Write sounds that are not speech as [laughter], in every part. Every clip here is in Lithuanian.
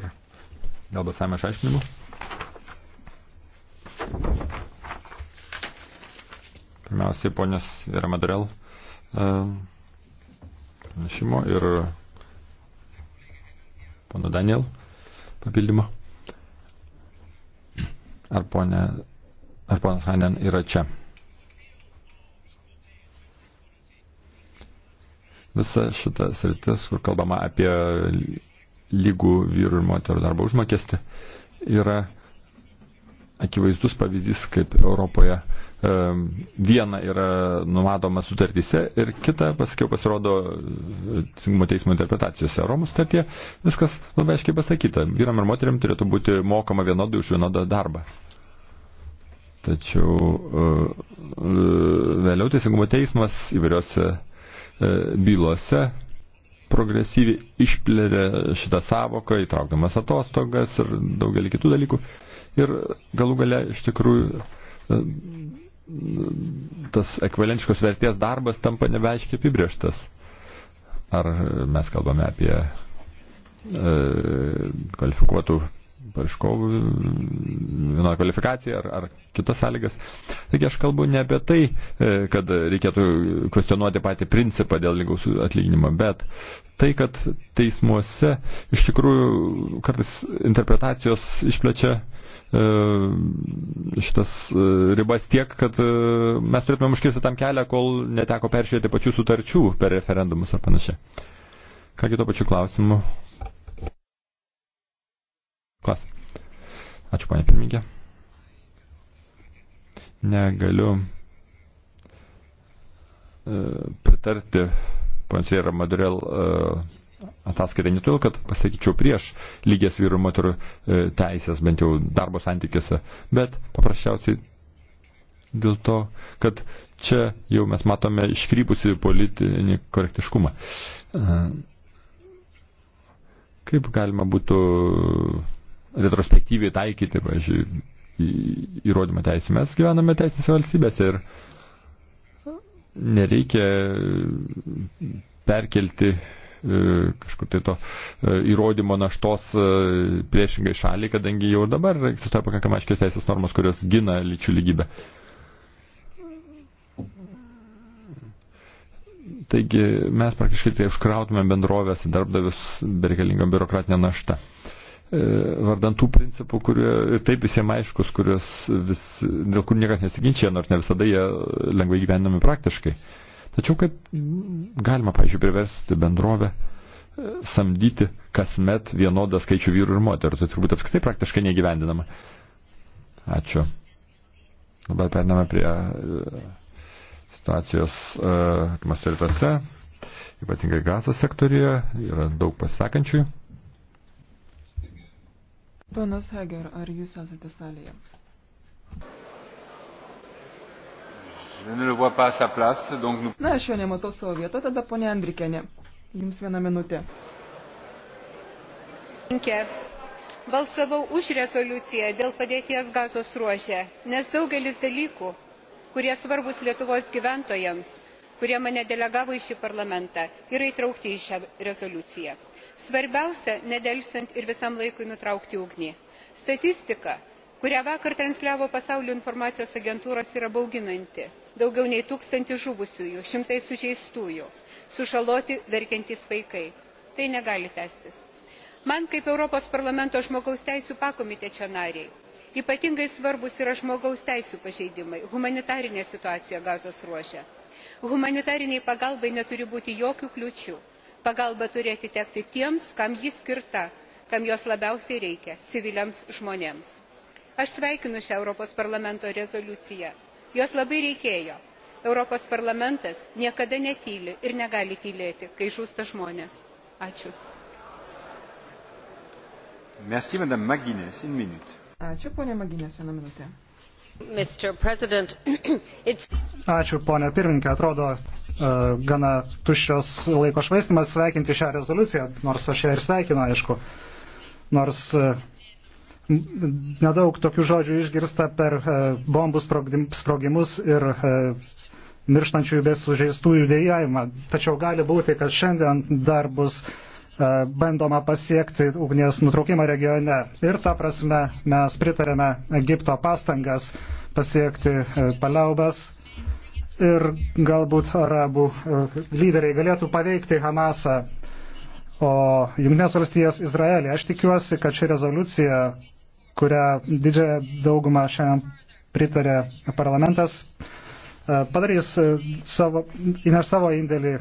dabar dėl balsavimo išaiškinimų. Pirmiausiai ponios Vera Madurel e, pranešimo ir pono Daniel papildymo. Ar, ponė, ar ponas Hanen yra čia? Visa šita sritis, kur kalbama apie lygų vyrų ir moterų darbo užmokestį yra akivaizdus pavyzdys, kaip Europoje viena yra numatoma sutartyse ir kita, pasakiau, pasirodo e, teisingumo teismo interpretacijose. Romų sutartie viskas labai aiškiai pasakyta. Vyram ir moteriam turėtų būti mokama vienodai už vienodą darbą. Tačiau e, e, vėliau teisingumo teismas įvairiose bylose progresyviai išplėrė šitą savoką, įtraukdamas atostogas ir daugelį kitų dalykų. Ir galų gale iš tikrųjų tas ekvivalentiškos vertės darbas tampa nebeiškiai apibrieštas. Ar mes kalbame apie e, kvalifikuotų paraiškovų vieną kvalifikaciją ar, ar kitas sąlygas. Taigi aš kalbu ne apie tai, e, kad reikėtų kvestionuoti patį principą dėl lygaus atlyginimo, bet tai, kad teismuose iš tikrųjų kartais interpretacijos išplečia e, šitas e, ribas tiek, kad mes turėtume užkirsti tam kelią, kol neteko peržiūrėti pačių sutarčių per referendumus ar panašiai. Ką kito pačiu klausimu? Klas. Ačiū, panė pirmininkė. Negaliu e, pritarti panašiai yra Madurėl e, ataskaitą ne todėl, kad pasakyčiau prieš lygės vyrų moterų e, teisės, bent jau darbo santykiuose, bet paprasčiausiai dėl to, kad čia jau mes matome iškrypusi politinį korektiškumą. Kaip galima būtų retrospektyviai taikyti, pavyzdžiui, įrodymą teisę. Mes gyvename teisės valstybėse ir nereikia e, perkelti e, kažkur tai to e, įrodymo naštos priešingai šaliai, kadangi jau dabar egzistuoja pakankamai aiškios teisės normos, kurios gina lyčių lygybę. Taigi mes praktiškai tai užkrautume bendrovės darbdavius bereikalingą biurokratinę naštą. E, vardantų principų, kurie ir taip visiems aiškus, kurios vis, dėl kur niekas nesiginčia, nors ne visada jie lengvai gyvenami praktiškai. Tačiau kaip galima, pažiūrėjau, priversti bendrovę e, samdyti kasmet vienodą skaičių vyrų ir moterų. Tai turbūt apskritai praktiškai negyvendinama. Ačiū. Dabar periname prie e, situacijos atmosferitose, ypatingai gazo sektorijoje, yra daug pasakančiųjų. Panas Heger, ar jūs esate salėje? Na, aš jo nematau savo vietą, tada ponė Andrikėnė. Jums vieną minutę. Balsavau už rezoliuciją dėl padėties gazos ruožė, nes daugelis dalykų, kurie svarbus Lietuvos gyventojams, kurie mane delegavo į šį parlamentą, yra įtraukti į šią rezoliuciją svarbiausia nedelsiant ir visam laikui nutraukti ugnį. statistika kurią vakar transliavo pasaulio informacijos agentūros yra bauginanti daugiau nei tūkstantis žuvusiųjų šimtai sužeistųjų sužaloti verkiantys vaikai. tai negali tęstis. man kaip europos parlamento žmogaus teisių pakomitečio narei ypatingai svarbūs yra žmogaus teisių pažeidimai humanitarinė situacija gazos ruože. humanitarinei pagalbai neturi būti jokių kliūčių pagalba turi atitekti tiems kam ji skirta kam jos labiausiai reikia civiliams žmonėms. aš sveikinu šią europos parlamento rezoliuciją jos labai reikėjo. europos parlamentas niekada netyli ir negali tylėti kai žūsta žmonės. ačiū. Merci, Madame Maginės, une minute. Ačiū, ponė Maginės, vieną minutę. [clears throat] Ačiū, ponė pirmininkė. Atrodo, e, gana tuščios laiko švaistimas sveikinti šią rezoliuciją, nors aš ją ir sveikinu, aišku. Nors e, nedaug tokių žodžių išgirsta per e, bombų sprogimus ir mirštančiųjų bei sužeistųjų dėjavimą. Tačiau gali būti, kad šiandien dar bus E, bandoma pasiekti ugnies nutraukimą regione. Ir tą prasme mes pritarėme Egipto pastangas pasiekti e, paliaubas ir galbūt arabų e, lyderiai galėtų paveikti Hamasą, o Junktinės valstijas Izraelį. Aš tikiuosi, kad ši rezoliucija, kurią didžiąją daugumą šiandien pritarė parlamentas, padarys savo, įneš savo indėlį,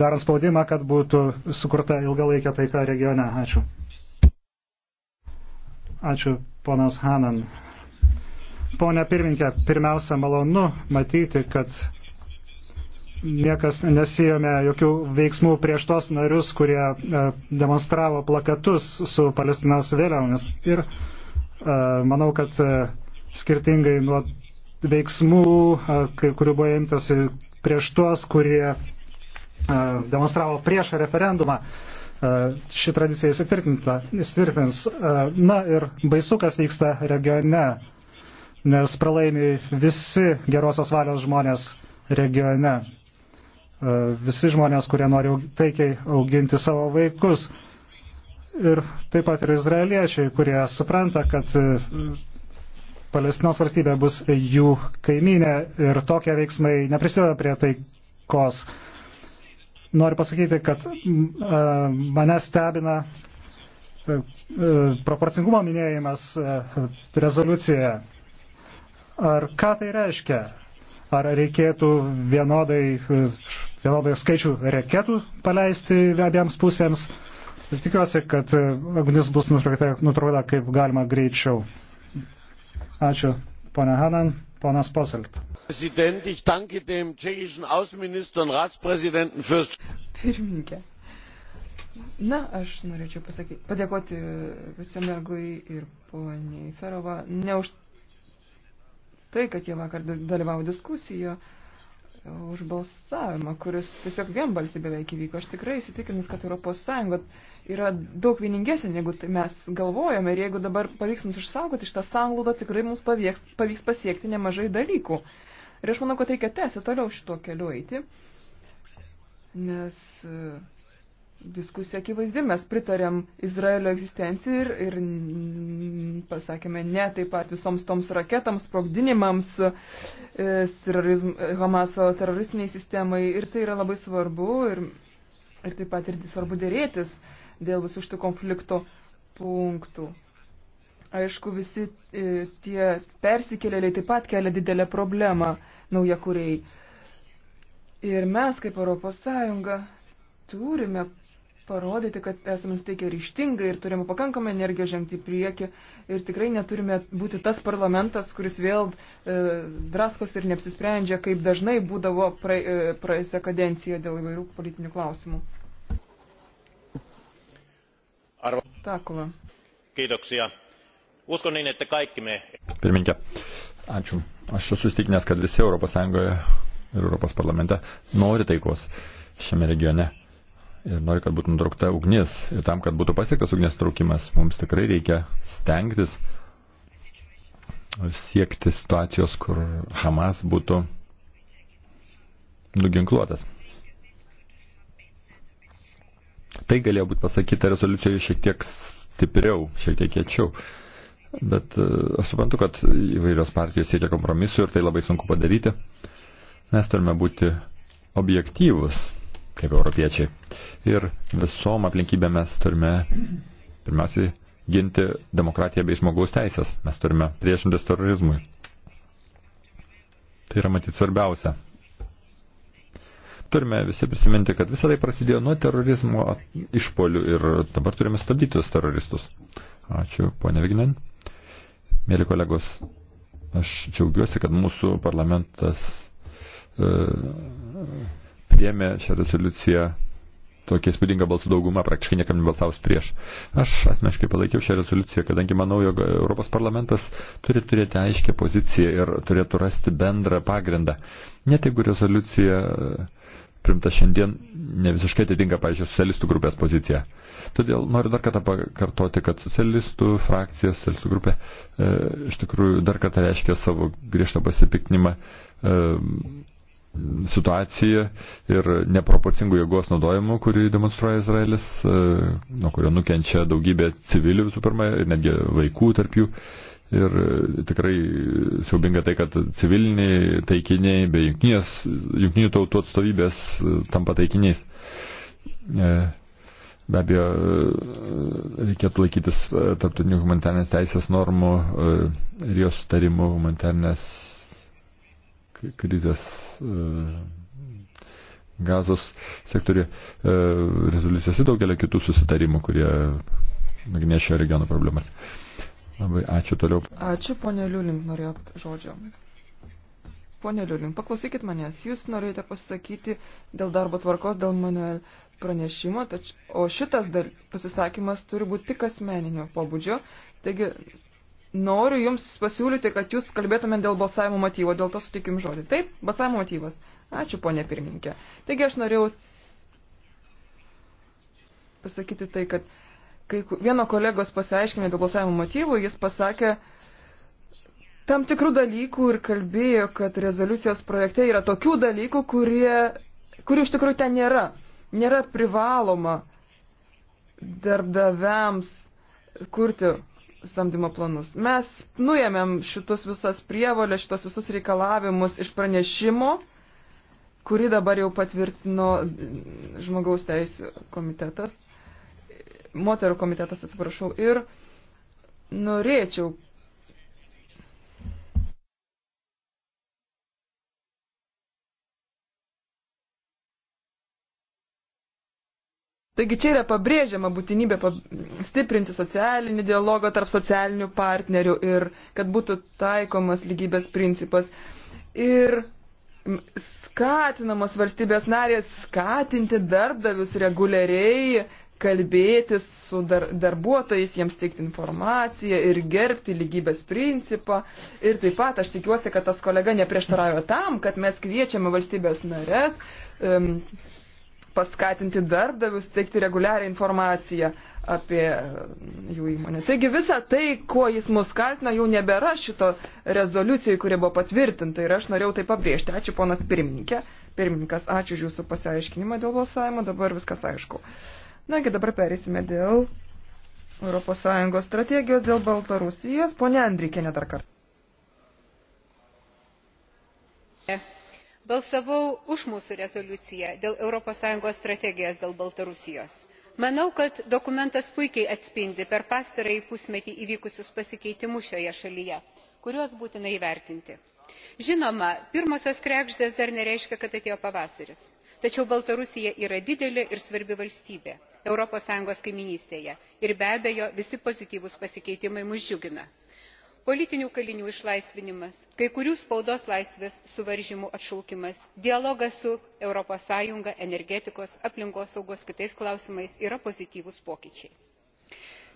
darant spaudimą, kad būtų sukurta ilgalaikė taika regione. Ačiū. Ačiū, ponas Hanan. Pone pirminkė, pirmiausia, malonu matyti, kad niekas nesijome jokių veiksmų prieš tos narius, kurie demonstravo plakatus su Palestinos vėliavomis. Ir manau, kad skirtingai nuo veiksmų, kurių buvo imtasi prieš tuos, kurie demonstravo prieš referendumą. Ši tradicija įsitvirtins. Na ir baisu, kas vyksta regione, nes pralaimi visi gerosios valios žmonės regione. Visi žmonės, kurie nori taikiai auginti savo vaikus. Ir taip pat ir izraeliečiai, kurie supranta, kad Palestinos valstybė bus jų kaiminė ir tokie veiksmai neprisideda prie taikos. Noriu pasakyti, kad mane stebina proporcingumo minėjimas rezoliucijoje. Ar ką tai reiškia? Ar reikėtų vienodai, vienodai skaičių reketų paleisti abiems pusėms? Ir tikiuosi, kad ugnis bus nutraukta kaip galima greičiau. Ačiū, ponia Hanan. Ponas Poselt. Präsident, ich danke dem tschechischen Außenminister und Ratspräsidenten fürs. Pirmininkė. Na, aš norėčiau pasakyti, padėkoti vicemergui ir poniai Ferova ne už tai, kad jie vakar dalyvavo diskusijoje už balsavimą, kuris tiesiog vienbalsiai beveik įvyko. Aš tikrai įsitikinus, kad ES yra daug vieningesnė, negu tai mes galvojame. Ir jeigu dabar pavyks mums išsaugoti šitą sąnglaudą, tikrai mums pavyks, pavyks pasiekti nemažai dalykų. Ir aš manau, kad reikia tęsti toliau šituo keliu eiti, nes diskusija akivaizdi, mes pritarėm Izraelio egzistencijai ir, ir mm, pasakėme ne taip pat visoms toms raketams, sprogdinimams, e, Hamaso teroristiniai sistemai ir tai yra labai svarbu ir, ir taip pat ir svarbu dėrėtis dėl visų šitų konflikto punktų. Aišku, visi e, tie persikėlėliai taip pat kelia didelę problemą naujakuriai. Ir mes kaip Europos Sąjunga turime parodyti, kad esame suteikę ryštingai ir turime pakankamai energijos žengti į priekį ir tikrai neturime būti tas parlamentas, kuris vėl e, draskos ir neapsisprendžia, kaip dažnai būdavo pra, e, praėjusią kadenciją dėl įvairių politinių klausimų. Arvo. Takula. Kiitoksia. Uskon niin, että kaikki me... Pirminkė, ačiū. Aš esu įstikinęs, kad visi ES ir ES parlamente nori taikos šiame regione ir nori, kad būtų nutraukta ugnis. Ir tam, kad būtų pasiektas ugnies traukimas, mums tikrai reikia stengtis siekti situacijos, kur Hamas būtų nuginkluotas. Tai galėjo būti pasakyta rezoliucijoje šiek tiek stipriau, šiek tiek kiečiau. Bet e, aš suprantu, kad įvairios partijos siekia kompromisų ir tai labai sunku padaryti. Mes turime būti objektyvus kaip europiečiai. Ir visom aplinkybėm mes turime pirmiausiai ginti demokratiją bei žmogaus teisės. Mes turime priešintis terorizmui. Tai yra matyti svarbiausia. Turime visi prisiminti, kad visą tai prasidėjo nuo terorizmo išpolių ir dabar turime stabdyti tuos teroristus. Ačiū, ponė Vignen. Mėly kolegos, aš džiaugiuosi, kad mūsų parlamentas e, priemė šią rezoliuciją tokia įspūdinga balsų dauguma, praktiškai niekam nebalsavus prieš. Aš asmeniškai palaikiau šią rezoliuciją, kadangi manau, jog Europos parlamentas turi turėti aiškę poziciją ir turėtų rasti bendrą pagrindą. Net jeigu rezoliucija e, primta šiandien ne visiškai atitinka, pavyzdžiui, socialistų grupės poziciją. Todėl noriu dar kartą pakartoti, kad socialistų frakcija, socialistų grupė e, iš tikrųjų dar kartą reiškia savo griežtą pasipiktinimą e, situacija ir neproporcingų jėgos naudojimu, kurį demonstruoja Izraelis, e, nuo kurio nukenčia daugybė civilių visų pirma, netgi vaikų tarp jų. Ir e, tikrai siaubinga tai, kad civiliniai taikiniai bei jungtinių tautų atstovybės e, tampa taikiniais. Be abejo, reikėtų laikytis tarptautinių humanitarnės teisės normų ir jos sutarimų humanitarnės krizės e, gazos sektoriuje, e, rezoliucijose daugelio kitų susitarimų, kurie nagrinė šio regiono problemas. Labai ačiū toliau. Ačiū, ponė Liulink, norėjot žodžio. Pone Liulink, paklausykit manęs. Jūs norėjote pasisakyti dėl darbo tvarkos, dėl Manuel pranešimo, tač, o šitas dar pasisakymas turi būti tik asmeninio pobūdžio. Taigi noriu Jums pasiūlyti, kad Jūs kalbėtumėt dėl balsavimo motyvo, dėl to sutikim žodį. Taip, balsavimo motyvas. Ačiū, ponė pirmininkė. Taigi aš norėjau pasakyti tai, kad kai vieno kolegos pasiaiškinė dėl balsavimo motyvų, jis pasakė tam tikrų dalykų ir kalbėjo, kad rezoliucijos projekte yra tokių dalykų, kurie, kurių iš tikrųjų ten nėra. Nėra privaloma darbdaviams kurti samdymo planus. Mes nuėmėm šitus visas prievolės, šitos visus reikalavimus iš pranešimo, kurį dabar jau patvirtino žmogaus teisų komitetas, moterų komitetas, atsiprašau, ir norėčiau Taigi čia yra pabrėžiama būtinybė stiprinti socialinį dialogą tarp socialinių partnerių ir kad būtų taikomas lygybės principas. Ir skatinamos valstybės narės skatinti darbdavius reguliariai kalbėti su dar, darbuotojais, jiems teikti informaciją ir gerbti lygybės principą. Ir taip pat aš tikiuosi, kad tas kolega neprieštarauja tam, kad mes kviečiame valstybės narės um, paskatinti darbdavius teikti reguliarią informaciją apie jų įmonę. Taigi visa tai, kuo jis mus kaltina, jau nebėra šito rezoliucijai, kurie buvo patvirtinta ir aš norėjau tai pabrėžti. Ačiū ponas pirmininkė. Pirmininkas, ačiū už jūsų pasiaiškinimą dėl balsavimo, dabar viskas aišku. Nagi, dabar perėsime dėl ES strategijos dėl Baltarusijos. Pone Andrikėne dar kartą. Yeah balsavau už mūsų rezoliuciją dėl europos sąjungos strategijos dėl baltarusijos. manau kad dokumentas puikiai atspindi per pastarąjį pusmetį įvykusius pasikeitimus šioje šalyje kuriuos būtina įvertinti. žinoma pirmosios kregždės dar nereiškia kad atėjo pavasaris tačiau baltarusija yra didelė ir svarbi valstybė europos sąjungos kaimynystėje ir be abejo visi pozityvūs pasikeitimai mus džiugina politinių kalinių išlaisvinimas kai kurių spaudos laisvės suvaržymų atšaukimas dialogas su europos sąjunga energetikos aplinkosaugos kitais klausimais yra pozityvūs pokyčiai.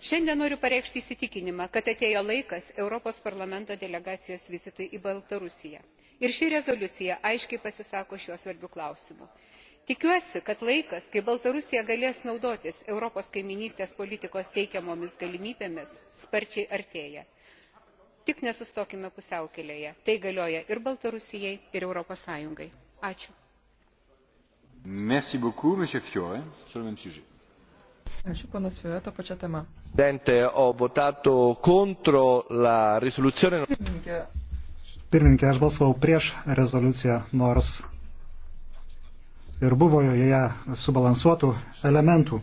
šiandien noriu pareikšti įsitikinimą kad atėjo laikas europos parlamento delegacijos vizitui į baltarusiją ir ši rezoliucija aiškiai pasisako šiuo svarbiu klausimu. tikiuosi kad laikas kai baltarusija galės naudotis europos kaimynystės politikos teikiamomis galimybėmis sparčiai artėja tik nesustokime pusiaukelėje tai galioja ir baltarusijai ir europos sąjungai. ačiū. presidente ho votato contro la risoluzione. pirmininke aš balsavau prieš rezoliuciją nors ir buvo joje subalansuotų elementų.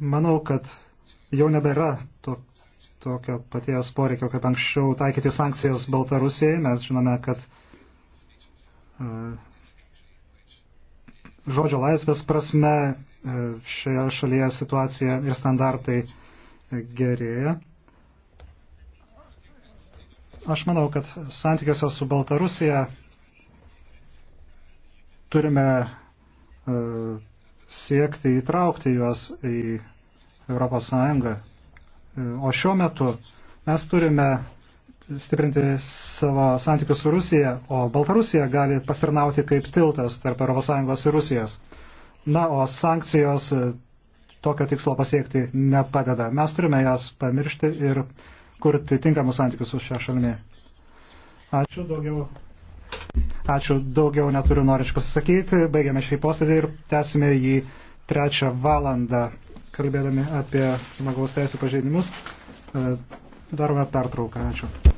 manau, kad jau nebėra to, tokio paties poreikio, kaip anksčiau taikyti sankcijas Baltarusijai. Mes žinome, kad e, žodžio laisvės prasme e, šioje šalyje situacija ir standartai e, gerėja. Aš manau, kad santykiuose su Baltarusija turime siekti įtraukti juos į ES. O šiuo metu mes turime stiprinti savo santykius su Rusija, o Baltarusija gali pasirnauti kaip tiltas tarp ES ir Rusijos. Na, o sankcijos e, tokio tikslo pasiekti nepadeda. Mes turime jas pamiršti ir kurti tinkamus santykius su šia šalimi. Ačiū daugiau. Ačiū, daugiau neturiu norinčių pasisakyti. Baigiame šį posėdį ir tęsime jį trečią valandą, kalbėdami apie žmogaus teisų pažeidimus. E, darome pertrauką. Ačiū.